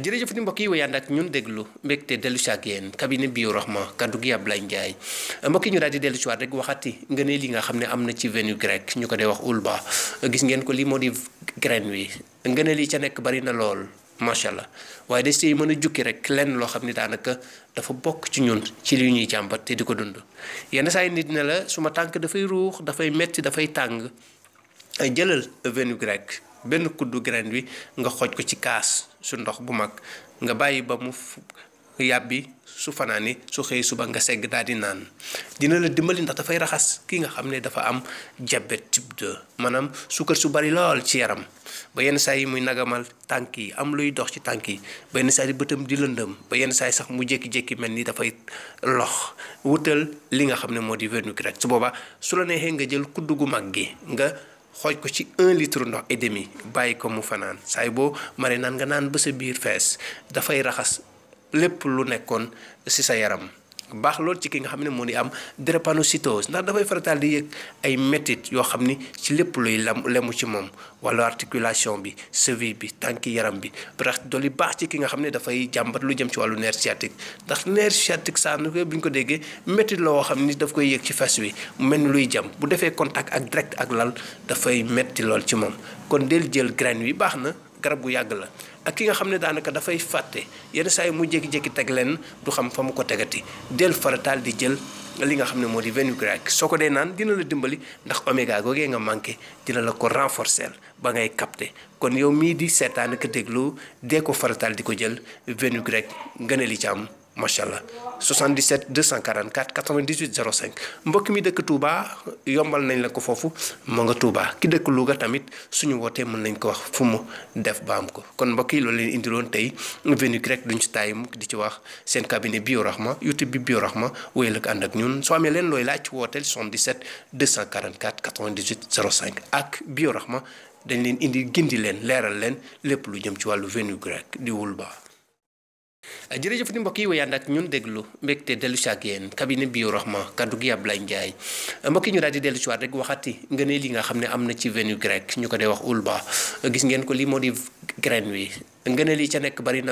jërëjëf ni mbokk yi wéy ànd ak ñun déglu mbégte dellu si ak yéen cabinet bio rahma kaddu gi Ablaye Ndiaye mbokk yi ñu daal dellu si waat rek waxati nga ne li nga xam ne am na ci venu grec ñu ko dee wax ulba gis ngeen ko li moo di graine wi nga ne lii ca nekk bari na lool macha allah waaye da siy mën a jukki rek lenn loo xam ne daanaka dafa bokk ci ñun ci li ñuy jàmbat te di ko dund yenn saa yi nit ne la suma tànk dafay ruux dafay metti dafay tàng jëlal venu grec benn kuddu graine wi nga xooj ko ci kaas su ndox bu mag nga bàyyi ba mu yàbbi su fanaane su xëyee suba nga segg daal di naan dina la dimbali ndax dafay raxas ki nga xam ne dafa am diabète type 2 maanaam suukar su bari lool ci yaram ba yenn saa yi muy nagamal tànk yi am luy dox ci tànk yi ba yenn saa yi bëtam di lëndëm ba yenn saa yi sax mu jékki-jékki mel ni dafay lox wutal li nga xam ne moo di vermiculite su boobaa su la neexee nga jël kudd gu mag gi nga. xooj ko ci un litre ndox et bàyyi ko mu fanaan saay boo mare naan nga naan ba sa biir fees dafay raxas lépp lu nekkoon ci sa yaram baax lool ci ki nga xam ne moo ni am drépanocytose ndax dafay faratal di yëg ay métit yoo xam ni ci lépp luy lam lemu ci moom wala articulation bi cheville bi tànki yaram bi ndax dolli baax ci ki nga xam ne dafay jàmbat lu jëm ci wàllu nerf sciatique ndax nerf sciatique saa nu ko bu ñu ko déggee métit la woo xam ni daf koy yëg ci fas wi mu mel ni luy jam bu defee contact ak direct ak lal dafay métti lool ci moom kon del jël graine bi baax na garab gu yàgg la ak ki nga xam ne daanaka dafay fàtte yenn saa yi mu jékki-jékki teg leen du xam fa mu ko tegati del farataal di jël li nga xam ne moo di fenugrec soo ko dee naan dina la dimbali ndax oméga googee nga manqué dina la ko renforcer ba ngay capté kon yow mii di seetaan ak déglu dee ko farataal di ko jël fenugrec ngëneel li ci am macha allah 77 244 98 05 mbokk mi dëkk Touba yombal nañ la ko foofu mu nga Touba ki dëkk Louga tamit suñu wootee mën nañ ko wax fu mu def ba am ko kon mbokk yi loolu leen indiloon tey Fenuc rek duñ ci taay mukk di ci wax seen cabinet Biorahma YouTube bi Biorahma wéyal ak ànd ak ñun soo amee leen looy laaj wooteel 77 244 98 05 ak ma dañ leen indi gindi leen leeral leen lépp lu jëm ci wàllu Fenuc rek di wul ba jërëjëf ni mbokk yi wéyaan ak ñun déglu mbégte dellu si ak yéen cabinet bio rahma kaddu gi Ablaye Ndiaye mbokk yi ñu daal di dellu si waat rek waxati nga ne li nga xam ne am na ci venu grec ñu ko dee wax ulba gis ngeen ko lii moo di graine wi nga ne lii ca nekk bari na